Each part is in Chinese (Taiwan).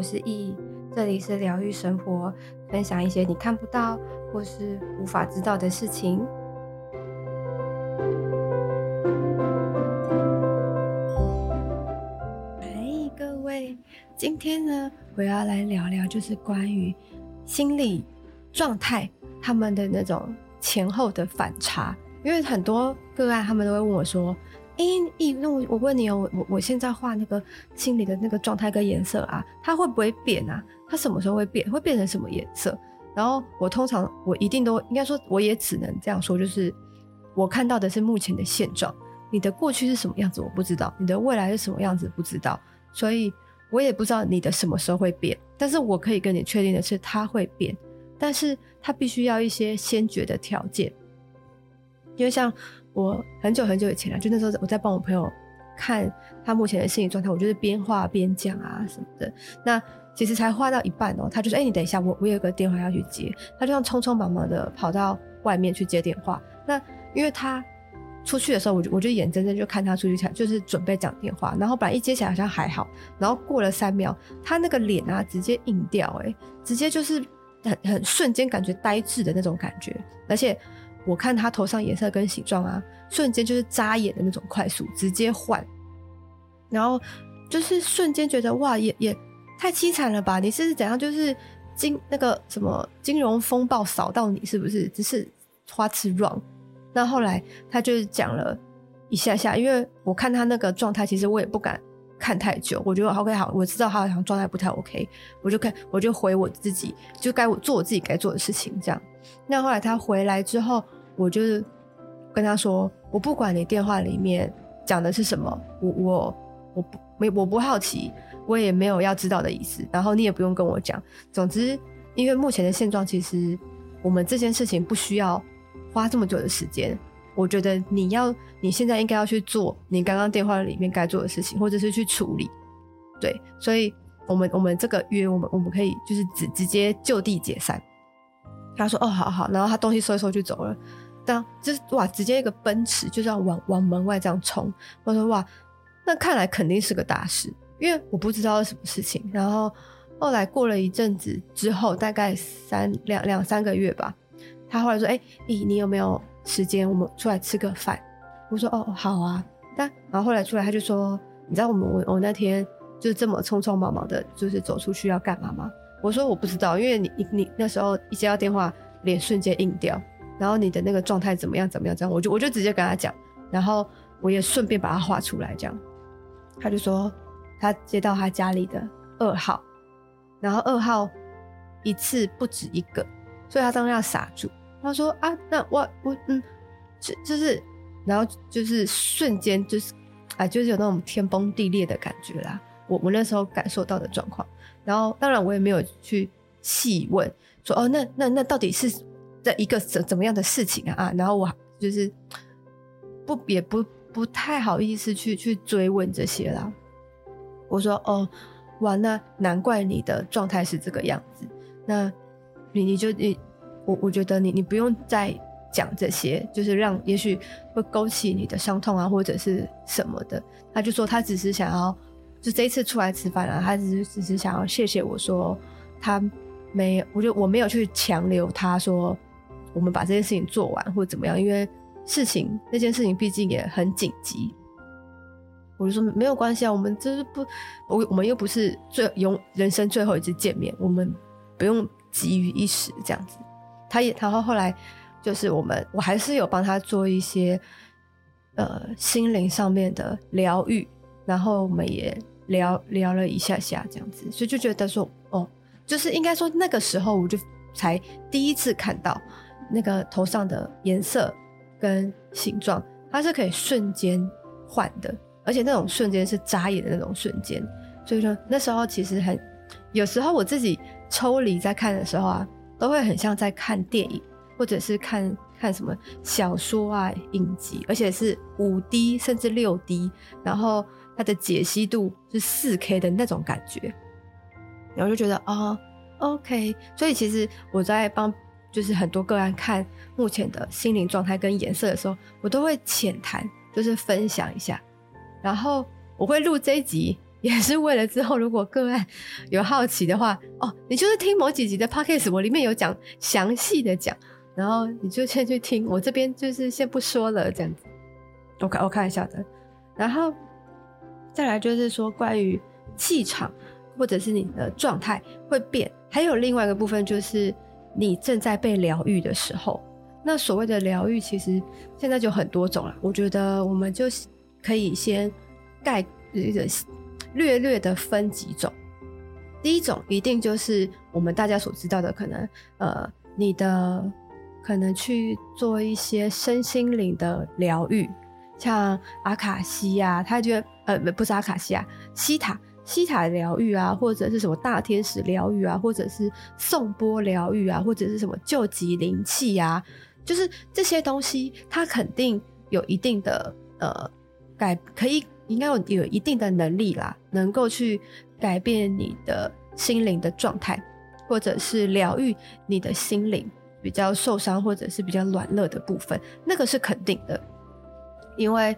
我是意，這裡是療癒生活，分享一些你看不到或是無法知道的事情。嘿，各位，今天呢，我要來聊聊，就是關於心理狀態他們的那種前後的反差，因為很多個案他們都會問我說。哎、欸，那我問你哦、喔，我我我現在畫那個心理的那個狀態跟顏色啊，它會不會變啊？它什麼時候會變？會變成什麼顏色？然後我通常我一定都應該說，我也只能這樣說，就是我看到的是目前的現狀。你的過去是什麼樣子我不知道，你的未來是什麼樣子不知道，所以我也不知道你的什麼時候會變。但是我可以跟你確定的是，它會變，但是它必須要一些先決的條件，因為像。我很久很久以前了，就那時候我在幫我朋友看他目前的心理狀態，我就是邊畫邊講啊什麼的。那其實才畫到一半哦，他就說：“哎，你等一下，我我有個電話要去接。”他就這樣匆匆忙忙的跑到外面去接電話。那因為他出去的時候，我就我就眼睜睜就看他出去，就是準備講電話。然後本來一接起來好像還好，然後過了三秒，他那個臉啊直接硬掉欸，直接就是很很瞬間感覺呆滯的那種感覺，而且。我看他頭上顏色跟形狀啊，瞬間就是扎眼的那種，快速直接換，然後就是瞬間覺得哇，也也太悽慘了吧？你是，是怎樣，就是金那個什麼金融風暴掃到你是不是？只是花痴 wrong。那後來他就講了一下下，因為我看他那個狀態，其實我也不敢看太久。我覺得 OK 好，我知道他好像狀態不太 OK，我就看，我就回我自己，就該我做我自己該做的事情這樣。那後來他回來之後，我就是跟他說：“我不管你電話裡面講的是什麼，我我我不沒我不好奇，我也沒有要知道的意思。然後你也不用跟我講。總之，因為目前的現狀，其實我們這件事情不需要花這麼久的時間。我覺得你要你現在應該要去做你剛剛電話裡面該做的事情，或者是去處理。對，所以我們我們這個約，我們我們可以就是直直接就地解散。”他說：“哦，好，好。”然後他東西收一收就走了。但就是哇，直接一個奔馳就這、是、樣往往門外這樣衝。我說：“哇，那看來肯定是個大事，因為我不知道是什麼事情。”然後後來過了一陣子之後，大概三兩兩三個月吧，他後來說：“哎、欸，你、欸、你有沒有時間？我們出來吃個飯？”我說：“哦，好啊。但”但然後後來出來，他就說：“你知道我們我我那天就這麼匆匆忙忙的，就是走出去要幹嘛嗎？”我說我不知道，因為你你你那時候一接到電話，臉瞬間硬掉，然後你的那個狀態怎麼樣怎麼樣這樣，我就我就直接跟他講，然後我也順便把他畫出來這樣，他就說他接到他家裡的二號，然後二號一次不止一個，所以他當然要傻住。他說啊，那我我嗯，就是，然後就是瞬間就是啊，就是有那種天崩地裂的感覺啦，我我那時候感受到的狀況。然後，當然我也沒有去細問說，說哦，那那那到底是在一個怎怎麼樣的事情啊？啊然後，我就是不也不不太好意思去去追問這些啦。我說哦，完了，那難怪你的狀態是這個樣子。那你你就你我我覺得你你不用再講這些，就是讓也許會勾起你的傷痛啊，或者是什麼的。他就說他只是想要。就這一次出來吃飯了，啊，他只是只是想要謝謝我說他沒有，我就我沒有去強留他說我們把這件事情做完或怎麼樣，因為事情那件事情畢竟也很緊急。我就說沒有關係啊，我們就是不，我我們又不是最後人生最後一次見面，我們不用急於一時這樣子。他也，然後後來就是我們，我還是有幫他做一些呃心靈上面的療癒，然後我們也。聊聊了一下下這樣子，所以就覺得說哦，就是應該說那個時候我就才第一次看到那個頭上的顏色跟形狀，它是可以瞬間換的，而且那種瞬間是眨眼的那種瞬間。所以說那時候其實很，有時候我自己抽離在看的時候啊，都會很像在看電影或者是看看什麼小說啊影集，而且是五 D 甚至六 D，然後。它的解析度是四 K 的那種感覺，然後就覺得哦，OK。所以其實我在幫就是很多個案看目前的心靈狀態跟顏色的時候，我都會淺談，就是分享一下。然後我會錄這一集，也是為了之後如果個案有好奇的話，哦，你就是聽某幾集的 Podcast，我裡面有講詳細的講，然後你就先去聽。我這邊就是先不說了，這樣子。OK，我看一下的，然後。再來就是說，關於氣場或者是你的狀態會變，還有另外一個部分就是你正在被療癒的時候。那所謂的療癒，其實現在就很多種了。我覺得我們就可以先概的略略的分幾種。第一種一定就是我們大家所知道的，可能呃，你的可能去做一些身心靈的療癒。像阿卡西呀、啊，他覺得呃，不是阿卡西啊，西塔西塔療癒啊，或者是什麼大天使療癒啊，或者是頌缽療癒啊，或者是什麼救急靈氣啊，就是這些東西，他肯定有一定的呃改，可以應該有有一定的能力啦，能夠去改變你的心靈的狀態，或者是療癒你的心靈比較受傷或者是比較軟弱的部分，那個是肯定的。因為，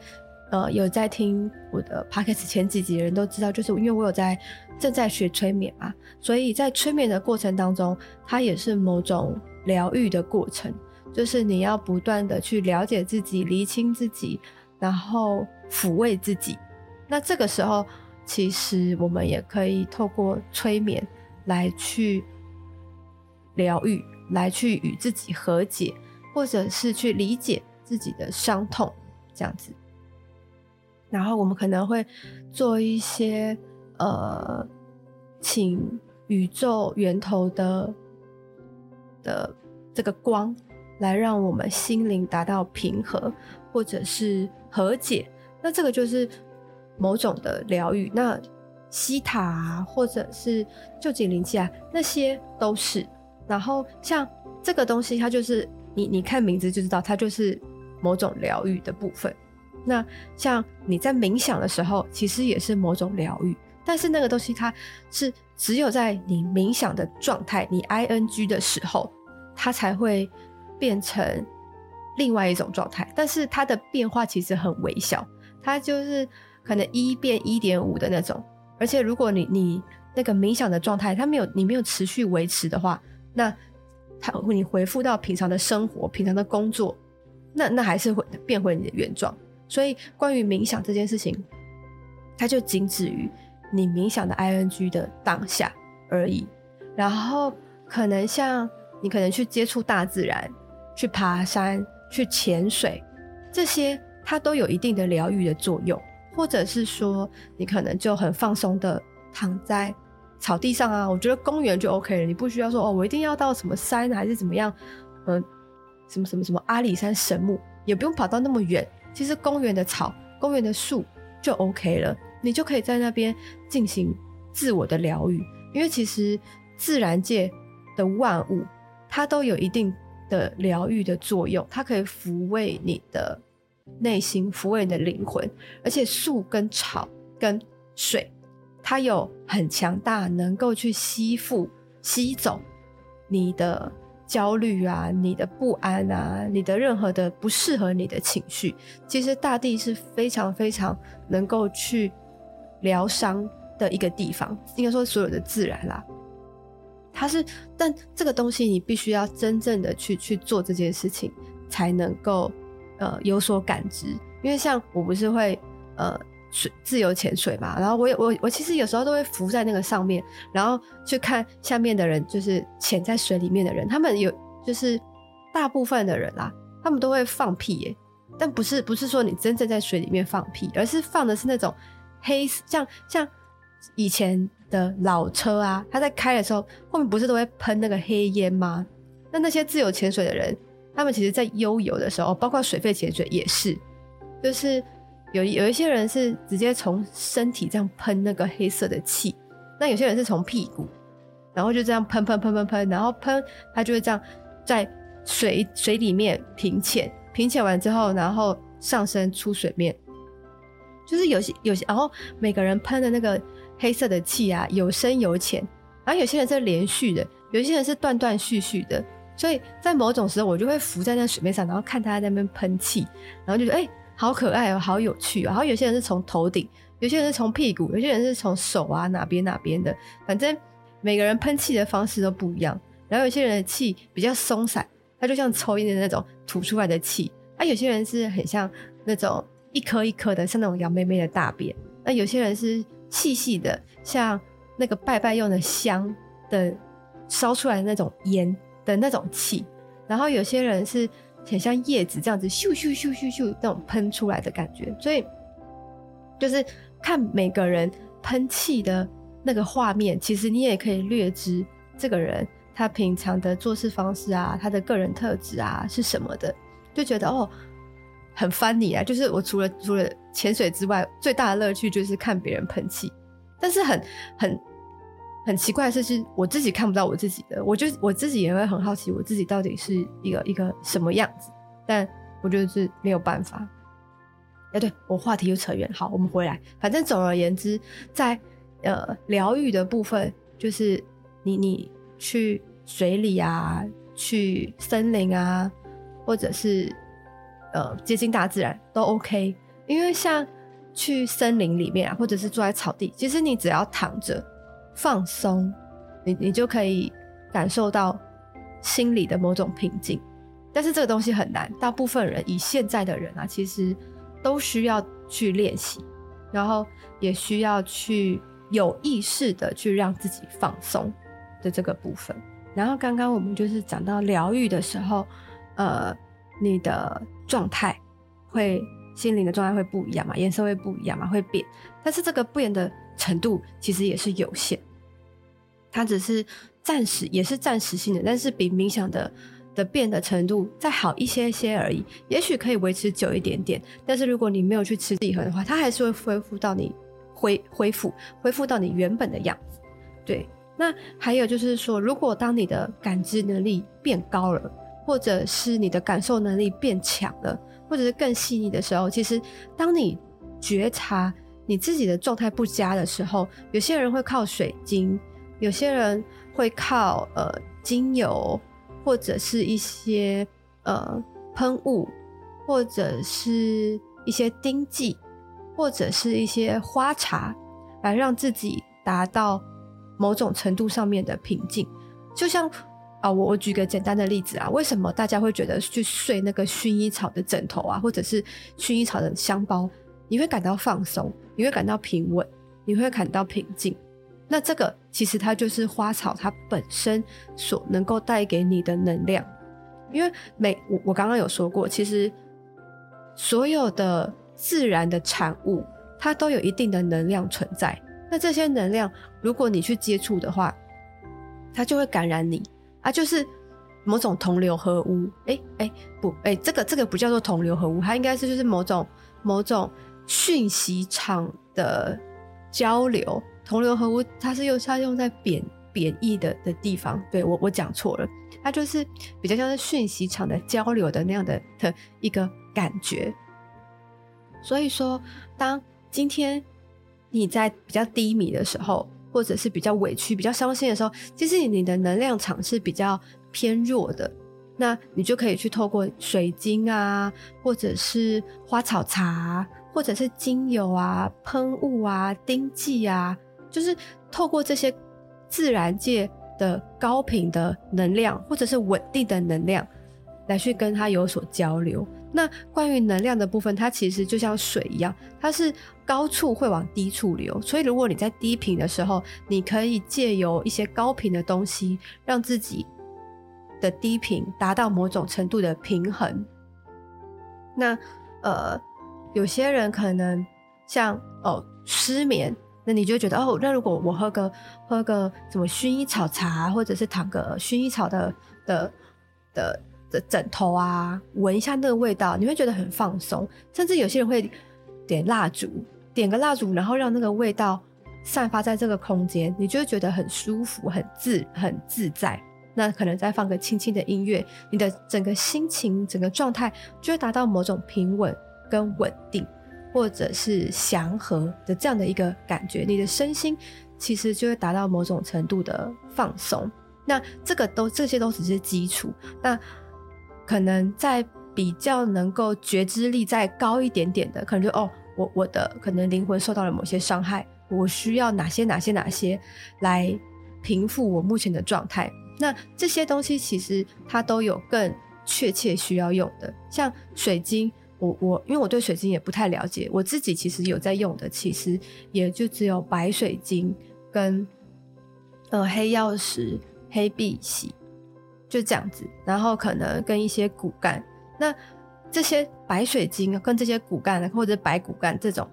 呃，有在聽我的 podcast 前幾集的人都知道，就是因為我有在正在學催眠嘛，所以在催眠的過程當中，它也是某種療癒的過程，就是你要不斷的去了解自己、釐清自己，然後撫慰自己。那這個時候，其實我們也可以透過催眠來去療癒，來去與自己和解，或者是去理解自己的傷痛。這樣子，然後我們可能會做一些呃，請宇宙源頭的的這個光來讓我們心靈達到平和，或者是和解。那這個就是某種的療癒。那西塔啊，或者是臼井靈氣啊，那些都是。然後像這個東西，它就是你你看名字就知道，它就是。某種療癒的部分，那像你在冥想的時候，其實也是某種療癒，但是那個東西它是只有在你冥想的狀態，你 ing 的時候，它才會變成另外一種狀態，但是它的變化其實很微小，它就是可能一變一點五的那種，而且如果你你那個冥想的狀態，它沒有你沒有持續維持的話，那它你回復到平常的生活，平常的工作。那那還是會變回你的原狀，所以關於冥想這件事情，它就僅止於你冥想的 ING 的當下而已。然後可能像你可能去接觸大自然，去爬山、去潛水，這些它都有一定的療癒的作用，或者是說你可能就很放鬆的躺在草地上啊，我覺得公園就 OK 了，你不需要說哦我一定要到什麼山還是怎麼樣，嗯。什麼什麼什麼阿里山神木也不用跑到那麼遠，其實公園的草、公園的樹就 OK 了，你就可以在那邊進行自我的療癒。因為其實自然界的萬物，它都有一定的療癒的作用，它可以撫慰你的內心，撫慰你的靈魂。而且樹跟草跟水，它有很強大，能夠去吸附、吸走你的。焦慮啊，你的不安啊，你的任何的不適合你的情緒，其實大地是非常非常能夠去療傷的一個地方。應該說，所有的自然啦、啊，它是，但這個東西你必須要真正的去去做這件事情，才能夠呃有所感知。因為像我不是會呃。水自由潛水嘛，然後我我我其實有時候都會浮在那個上面，然後去看下面的人，就是潛在水裡面的人。他們有就是大部分的人啦、啊，他們都會放屁耶、欸，但不是不是說你真正在水裡面放屁，而是放的是那種黑，像像以前的老車啊，他在開的時候後面不是都會噴那個黑煙嗎？那那些自由潛水的人，他們其實，在悠游的時候，包括水肺潛水也是，就是。有有一些人是直接從身體這樣噴那個黑色的氣，那有些人是從屁股，然後就這樣噴噴噴噴噴，然後噴他就會這樣在水水裡面平潛平潛完之後，然後上升出水面，就是有些有些，然後每個人噴的那個黑色的氣啊，有深有淺，然後有些人是連續的，有些人是斷斷續續的，所以在某種時候我就會浮在那水面上，然後看他在那邊噴氣，然後就說哎。欸好可愛哦，好有趣哦。然後有些人是從頭頂，有些人是從屁股，有些人是從手啊哪邊哪邊的，反正每個人噴氣的方式都不一樣。然後有些人的氣比較鬆散，它就像抽煙的那種吐出來的氣；那、啊、有些人是很像那種一顆一顆的，像那種羊咩咩的大便；那、啊、有些人是細細的，像那個拜拜用的香的燒出來的那種煙的那種氣。然後有些人是。很像葉子這樣子咻咻咻咻咻，咻那種噴出來的感覺，所以就是看每個人噴氣的那個畫面，其實你也可以略知這個人他平常的做事方式啊，他的個人特質啊是什麼的，就覺得哦很 funny 啊，就是我除了除了潛水之外，最大的樂趣就是看別人噴氣，但是很很。很奇怪的是，我自己看不到我自己的，我就我自己也會很好奇，我自己到底是一個一個什麼樣子。但我就是沒有辦法。哎、啊，對，我話題又扯遠，好，我們回來。反正總而言之，在呃療癒的部分，就是你你去水裡啊，去森林啊，或者是呃接近大自然都 OK。因為像去森林裡面，啊，或者是坐在草地，其實你只要躺着。放鬆，你你就可以感受到心裡的某種平靜。但是這個東西很難，大部分人以現在的人啊，其實都需要去練習，然後也需要去有意識的去讓自己放鬆的這個部分。然後剛剛我們就是講到療癒的時候，呃，你的狀態會，心靈的狀態會不一樣嘛，顏色會不一樣嘛，會變。但是這個不一樣的程度其實也是有限，它只是暫時，也是暫時性的，但是比冥想的的變的程度再好一些些而已，也許可以維持久一點點。但是如果你沒有去持之以恆的話，它還是會恢復到你恢恢復恢復到你原本的樣子。對，那還有就是說，如果當你的感知能力變高了，或者是你的感受能力變強了，或者是更細膩的時候，其實當你覺察。你自己的狀態不佳的時候，有些人會靠水晶，有些人會靠呃精油，或者是一些呃噴霧，或者是一些酊劑，或者是一些花茶，來讓自己達到某種程度上面的平靜。就像啊，我、哦、我舉個簡單的例子啊，為什麼大家會覺得去睡那個薰衣草的枕頭啊，或者是薰衣草的香包，你會感到放鬆？你會感到平穩，你會感到平靜。那這個其實它就是花草它本身所能夠帶給你的能量，因為每我我剛剛有說過，其實所有的自然的產物它都有一定的能量存在。那這些能量如果你去接觸的話，它就會感染你啊，就是某種同流合污。誒誒，不誒，這個這個不叫做同流合污，它應該是就是某種某種。訊息場的交流，同流合污，它是用它用在貶貶義的的地方。對，我我講錯了，它就是比較像是訊息場的交流的那樣的的一個感覺。所以說，當今天你在比較低迷的時候，或者是比較委屈、比較傷心的時候，其實你的能量場是比較偏弱的。那你就可以去透過水晶啊，或者是花草茶。或者是精油啊、噴霧啊、酊劑啊，就是透過這些自然界的高頻的能量，或者是穩定的能量，來去跟他有所交流。那關於能量的部分，它其實就像水一樣，它是高處會往低處流。所以，如果你在低頻的時候，你可以借由一些高頻的東西，讓自己的低頻達到某種程度的平衡。那呃。有些人可能像哦失眠，那你就會覺得哦，那如果我喝個喝個什麼薰衣草茶，或者是躺個薰衣草的的的的的枕頭啊，聞一下那個味道，你會覺得很放鬆。甚至有些人會點蠟燭，點個蠟燭，然後讓那個味道散發在這個空間，你就會覺得很舒服、很自很自在。那可能再放個輕輕的音樂，你的整個心情、整個狀態就會達到某種平穩跟穩定，或者是祥和的這樣的一個感覺，你的身心其實就會達到某種程度的放鬆。那這個都，這些都只是基礎。那可能在比較能夠覺知力再高一點點的，可能就哦，我我的可能靈魂受到了某些傷害，我需要哪些哪些哪些來平復我目前的狀態。那這些東西其實它都有更確切需要用的，像水晶。我我因為我對水晶也不太了解，我自己其實有在用的，其實也就只有白水晶跟呃黑曜石、黑碧璽就這樣子，然後可能跟一些骨幹。那這些白水晶跟這些骨幹或者白骨幹這種，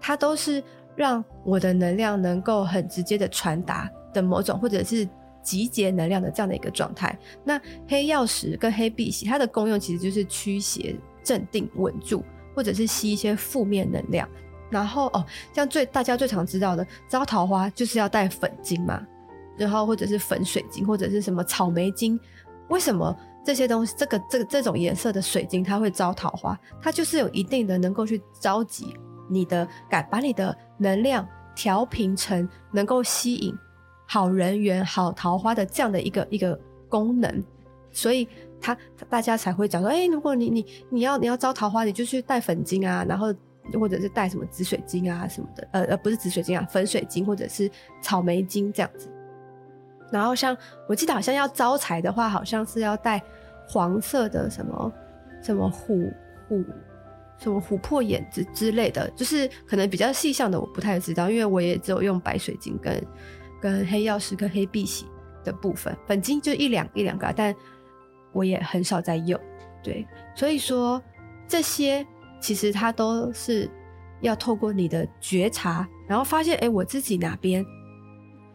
它都是讓我的能量能夠很直接的傳達的某種或者是集結能量的這樣的一個狀態。那黑曜石跟黑碧璽，它的功用其實就是驅邪。鎮定穩住，或者是吸一些負面能量。然後哦，像最大家最常知道的招桃花，就是要戴粉晶嘛，然後或者是粉水晶，或者是什麼草莓晶。為什麼這些東西，這個這個這，這種顏色的水晶，它會招桃花？它就是有一定的能夠去召集你的感，把你的能量調平成能夠吸引好人緣、好桃花的這樣的一個一個功能。所以。他大家才會講說，哎、欸，如果你你你要你要招桃花，你就去戴粉晶啊，然後或者是戴什麼紫水晶啊什麼的，呃呃，不是紫水晶啊，粉水晶或者是草莓晶這樣子。然後像我記得好像要招財的話，好像是要戴黃色的什麼什麼琥琥什麼琥珀眼之之類的，就是可能比較細項的，我不太知道，因為我也只有用白水晶跟跟黑曜石跟黑碧璽的部分，粉晶就一兩一兩個，但。我也很少在用，對，所以說，這些其實它都是要透過你的覺察，然後發現哎，我自己哪邊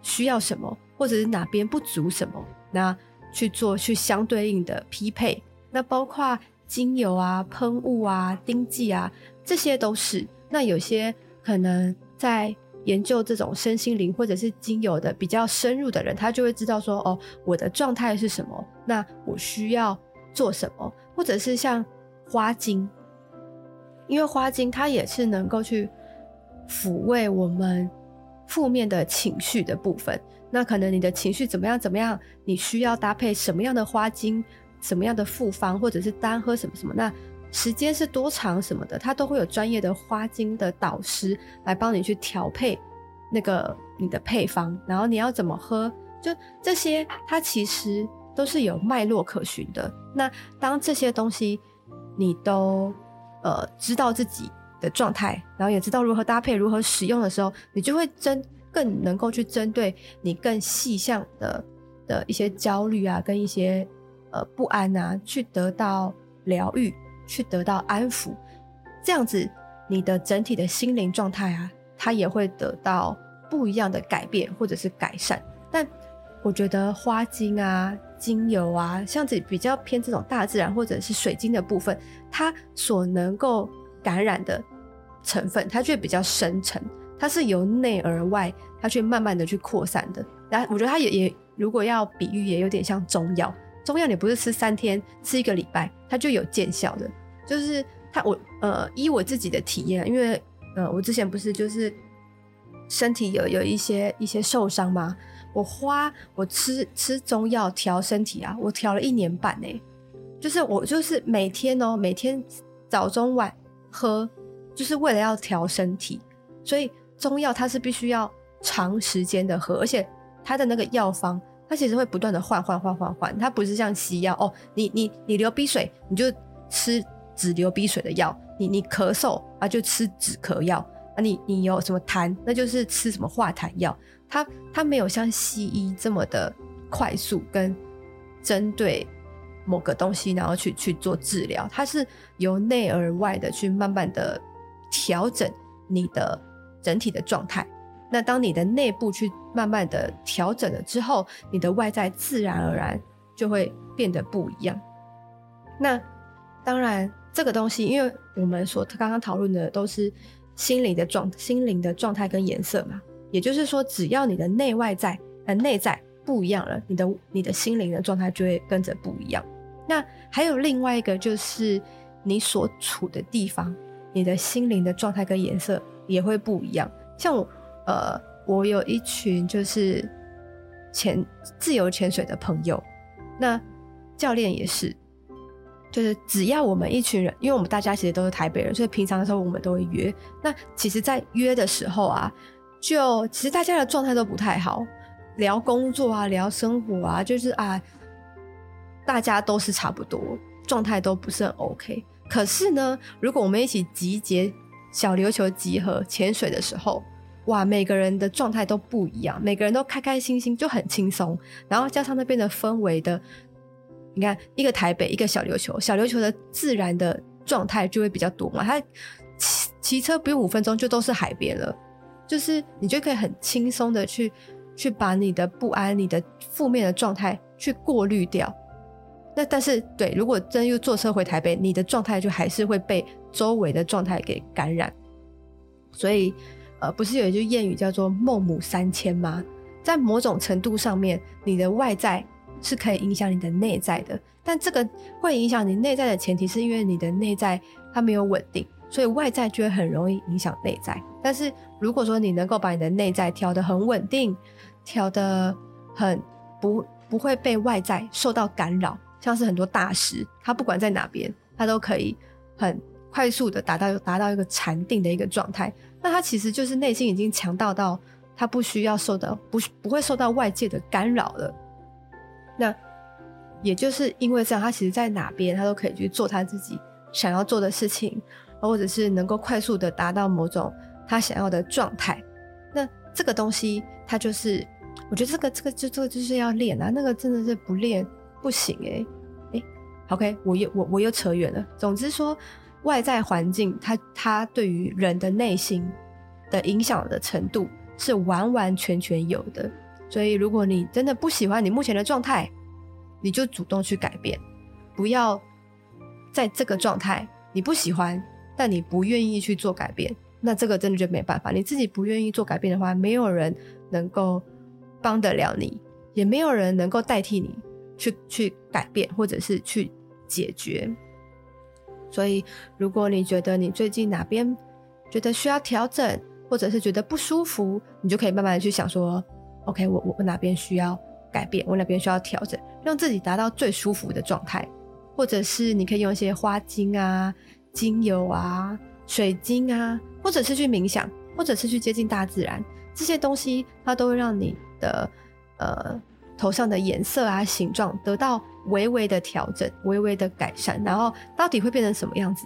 需要什麼，或者是哪邊不足什麼，那去做去相對應的匹配。那包括精油啊、噴霧啊、酊劑啊，這些都是。那有些可能在。研究這種身心靈或者是精油的比較深入的人，他就會知道說，哦，我的狀態是什麼，那我需要做什麼，或者是像花精，因為花精它也是能夠去撫慰我們負面的情緒的部分。那可能你的情緒怎麼樣怎麼樣，你需要搭配什麼樣的花精，什麼樣的複方，或者是單喝什麼什麼那。時間是多長什麼的，它都會有專業的花精的導師來幫你去調配那個你的配方，然後你要怎麼喝，就這些，它其實都是有脈絡可循的。那當這些東西你都呃知道自己的狀態，然後也知道如何搭配、如何使用的時候，你就會針更能夠去針對你更細項的的一些焦慮啊，跟一些呃不安啊，去得到療癒，去得到安撫，這樣子你的整體的心靈狀態啊，它也會得到不一樣的改變或者是改善。但我覺得花精啊、精油啊，像這比較偏這種大自然或者是水晶的部分，它所能夠感染的成分，它卻比較深層，它是由內而外，它去慢慢的去擴散的。但我覺得它也也如果要比喻，也有點像中藥。中藥你不是吃三天，吃一個禮拜。它就有見效的，就是它我。我呃依我自己的體驗，因為呃我之前不是就是身體有有一些一些受傷嗎？我花我吃吃中藥調身體啊，我調了一年半呢、欸。就是我就是每天哦、喔、每天早中晚喝，就是為了要調身體，所以中藥它是必須要長時間的喝，而且它的那個藥方。它其實會不斷的換換換換換，它不是像西藥哦，你你你流鼻水你就吃止流鼻水的藥，你你咳嗽啊就吃止咳藥，啊你你有什麼痰那就是吃什麼化痰藥，它它沒有像西醫這麼的快速跟針對某個東西然後去去做治療，它是由內而外的去慢慢的調整你的整體的狀態。那當你的內部去慢慢的調整了之後，你的外在自然而然就會變得不一樣。那當然，這個東西，因為我們所剛剛討論的都是心靈的狀、心靈的狀態跟顏色嘛，也就是說，只要你的內外在和內在不一樣了，你的你的心靈的狀態就會跟着不一樣。那還有另外一個，就是你所處的地方，你的心靈的狀態跟顏色也會不一樣。像我。呃，我有一群就是潛自由潛水的朋友，那教練也是，就是只要我們一群人，因為我們大家其實都是台北人，所以平常的時候我們都會約。那其實，在約的時候啊，就其實大家的狀態都不太好，聊工作啊，聊生活啊，就是啊，大家都是差不多，狀態都不是很 OK。可是呢，如果我們一起集結小琉球集合潛水的時候，哇，每個人的狀態都不一樣，每個人都開開心心就很輕鬆。然後加上那邊的氛圍的，你看，一個台北，一個小琉球，小琉球的自然的狀態就會比較多嘛。他騎騎車不用五分鐘就都是海邊了，就是你就可以很輕鬆的去去把你的不安、你的負面的狀態去過濾掉。那但是對，如果真又坐車回台北，你的狀態就還是會被周圍的狀態給感染，所以。呃，不是有一句諺語叫做“孟母三遷”嗎？在某種程度上面，你的外在是可以影響你的內在的。但這個會影響你內在的前提，是因為你的內在它沒有穩定，所以外在就會很容易影響內在。但是如果說你能夠把你的內在調得很穩定，調得很不、不會被外在受到干擾，像是很多大師，他不管在哪邊，他都可以很快速的達到達到一個禪定的一個狀態。那他其實就是內心已經強大到他不需要受到不，不會受到外界的干擾了。那也就是因為這樣，他其實，在哪邊他都可以去做他自己想要做的事情，或者是能夠快速的達到某種他想要的狀態。那這個東西，他就是，我覺得這個這個就這個就是要練啊，那個真的是不練不行誒哎。OK，我又我我又扯遠了。總之說。外在環境它，它它對於人的內心的影響的程度是完完全全有的。所以，如果你真的不喜歡你目前的狀態，你就主動去改變，不要在這個狀態，你不喜歡，但你不願意去做改變，那這個真的就沒辦法。你自己不願意做改變的話，沒有人能夠幫得了你，也沒有人能夠代替你去去改變或者是去解決。所以，如果你覺得你最近哪邊覺得需要調整，或者是覺得不舒服，你就可以慢慢的去想說，OK，我我哪邊需要改變，我哪邊需要調整，讓自己達到最舒服的狀態。或者是你可以用一些花精啊、精油啊、水晶啊，或者是去冥想，或者是去接近大自然，這些東西它都會讓你的呃頭上的顏色啊、形狀得到。微微的調整，微微的改善，然後到底會變成什麼樣子，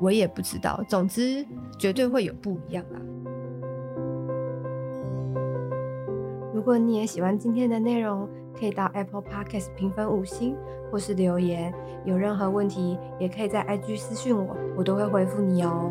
我也不知道。總之，絕對會有不一樣啦啊。如果你也喜歡今天的內容，可以到 Apple Podcast 評分五星，或是留言。有任何問題，也可以在 IG 私訊我，我都會回復你哦。